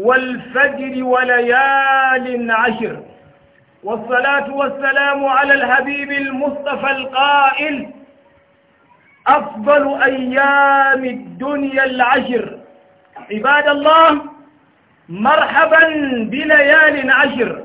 والفجر وليال عشر والصلاة والسلام على الحبيب المصطفى القائل أفضل أيام الدنيا العشر عباد الله مرحبا بليال عشر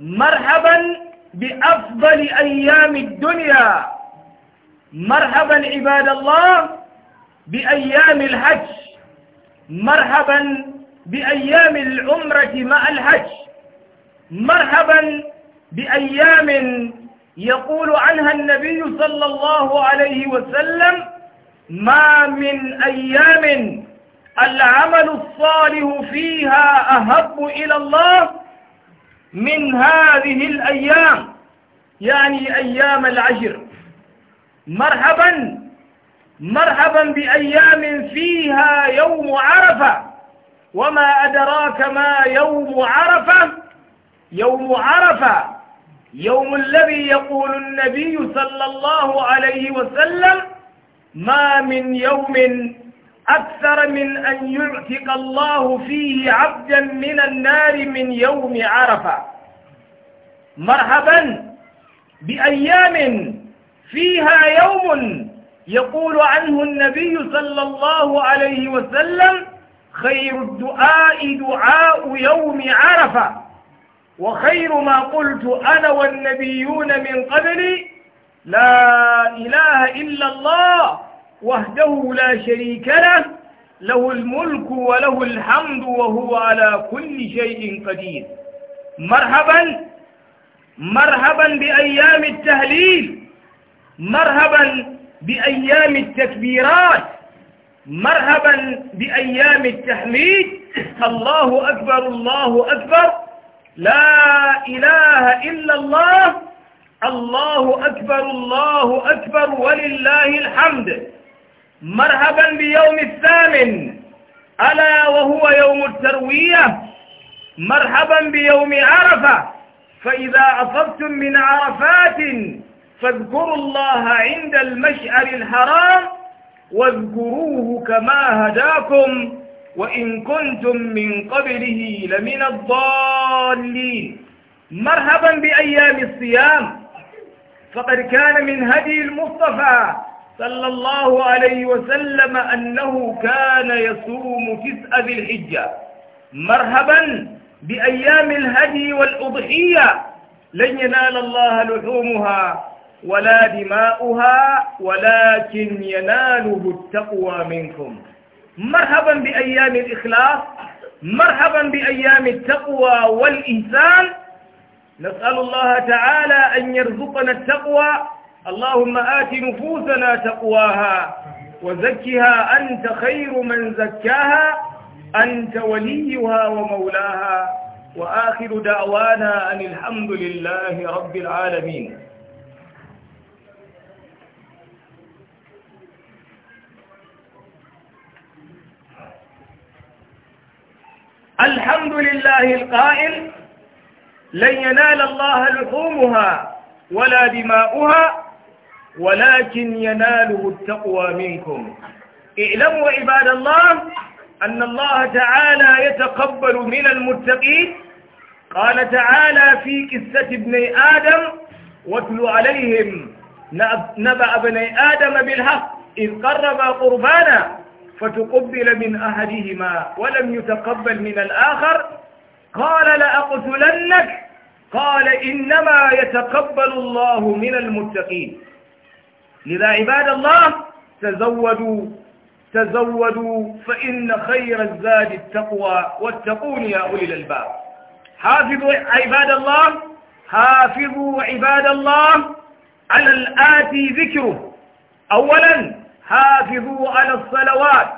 مرحبا بأفضل أيام الدنيا مرحبا عباد الله بأيام الحج مرحبا بأيام العمرة مع الحج مرحبا بأيام يقول عنها النبي صلى الله عليه وسلم ما من أيام العمل الصالح فيها أهب إلى الله من هذه الأيام يعني أيام العشر مرحبا مرحبا بأيام فيها يوم عرفة وما أدراك ما يوم عرفة يوم عرفة يوم الذي يقول النبي صلى الله عليه وسلم ما من يوم أكثر من أن يعتق الله فيه عبدا من النار من يوم عرفة مرحبا بأيام فيها يوم يقول عنه النبي صلى الله عليه وسلم خير الدعاء دعاء يوم عرفة وخير ما قلت أنا والنبيون من قبلي لا إله إلا الله وحده لا شريك له له الملك وله الحمد وهو على كل شيء قدير مرحبا مرحبا بأيام التهليل مرحبا بأيام التكبيرات مرحبا بأيام التحميد الله أكبر الله أكبر لا إله إلا الله الله أكبر الله أكبر ولله الحمد مرحبا بيوم الثامن ألا وهو يوم التروية مرحبا بيوم عرفة فإذا أصبتم من عرفات فاذكروا الله عند المشعر الحرام واذكروه كما هداكم وإن كنتم من قبله لمن الضالين مرحبا بأيام الصيام فقد كان من هدي المصطفى صلى الله عليه وسلم أنه كان يصوم تسع ذي الحجة مرحبا بأيام الهدي والأضحية لن ينال الله لحومها ولا دماؤها ولكن يناله التقوى منكم مرحبا بأيام الإخلاص مرحبا بأيام التقوى والإنسان نسأل الله تعالى أن يرزقنا التقوى اللهم آت نفوسنا تقواها وزكها أنت خير من زكاها أنت وليها ومولاها وآخر دعوانا أن الحمد لله رب العالمين الحمد لله القائل لن ينال الله لحومها ولا دماؤها ولكن يناله التقوى منكم اعلموا عباد الله أن الله تعالى يتقبل من المتقين قال تعالى في قصة ابني آدم واتل عليهم نبأ ابن آدم بالحق إذ قربا قربانا فتقبل من أحدهما ولم يتقبل من الآخر قال لأقتلنك قال إنما يتقبل الله من المتقين لذا عباد الله تزودوا تزودوا فإن خير الزاد التقوى واتقون يا أولي الألباب حافظوا عباد الله حافظوا عباد الله على الآتي ذكره أولا حافظوا على الصلوات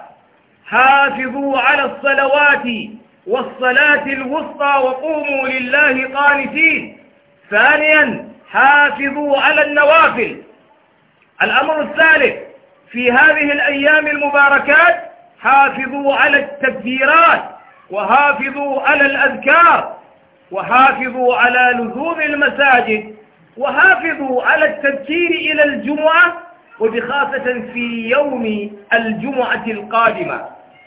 حافظوا على الصلوات والصلاة الوسطى وقوموا لله قانتين ثانيا حافظوا على النوافل الأمر الثالث في هذه الأيام المباركات حافظوا على التكبيرات وحافظوا على الأذكار وحافظوا على لزوم المساجد وحافظوا على التذكير إلى الجمعة وبخاصة في يوم الجمعة القادمة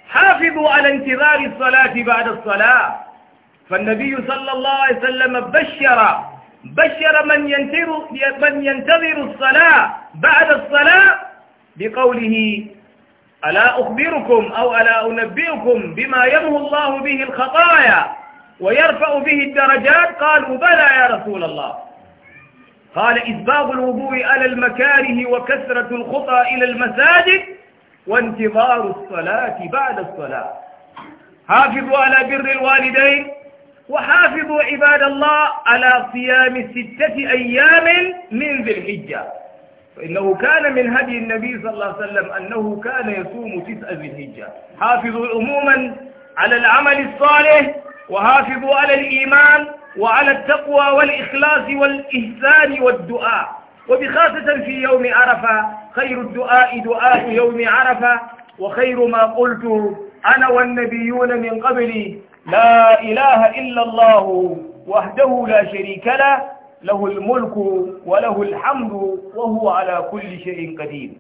حافظوا على انتظار الصلاة بعد الصلاة فالنبي صلى الله عليه وسلم بشر بشر من ينتظر من ينتظر الصلاة بعد الصلاة بقوله ألا أخبركم أو ألا أنبئكم بما يمحو الله به الخطايا ويرفع به الدرجات قالوا بلى يا رسول الله قال إسباب الوضوء على المكاره وكثرة الخطى إلى المساجد وانتظار الصلاة بعد الصلاة حافظوا على بر الوالدين وحافظوا عباد الله على صيام ستة أيام من ذي الحجة فإنه كان من هدي النبي صلى الله عليه وسلم أنه كان يصوم تسعة ذي الحجة حافظوا عموما على العمل الصالح وحافظوا على الإيمان وعلى التقوى والإخلاص والإحسان والدعاء وبخاصة في يوم عرفة خير الدعاء دعاء يوم عرفة وخير ما قلت أنا والنبيون من قبلي لا إله إلا الله وحده لا شريك له له الملك وله الحمد وهو على كل شيء قدير